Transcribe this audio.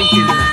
you.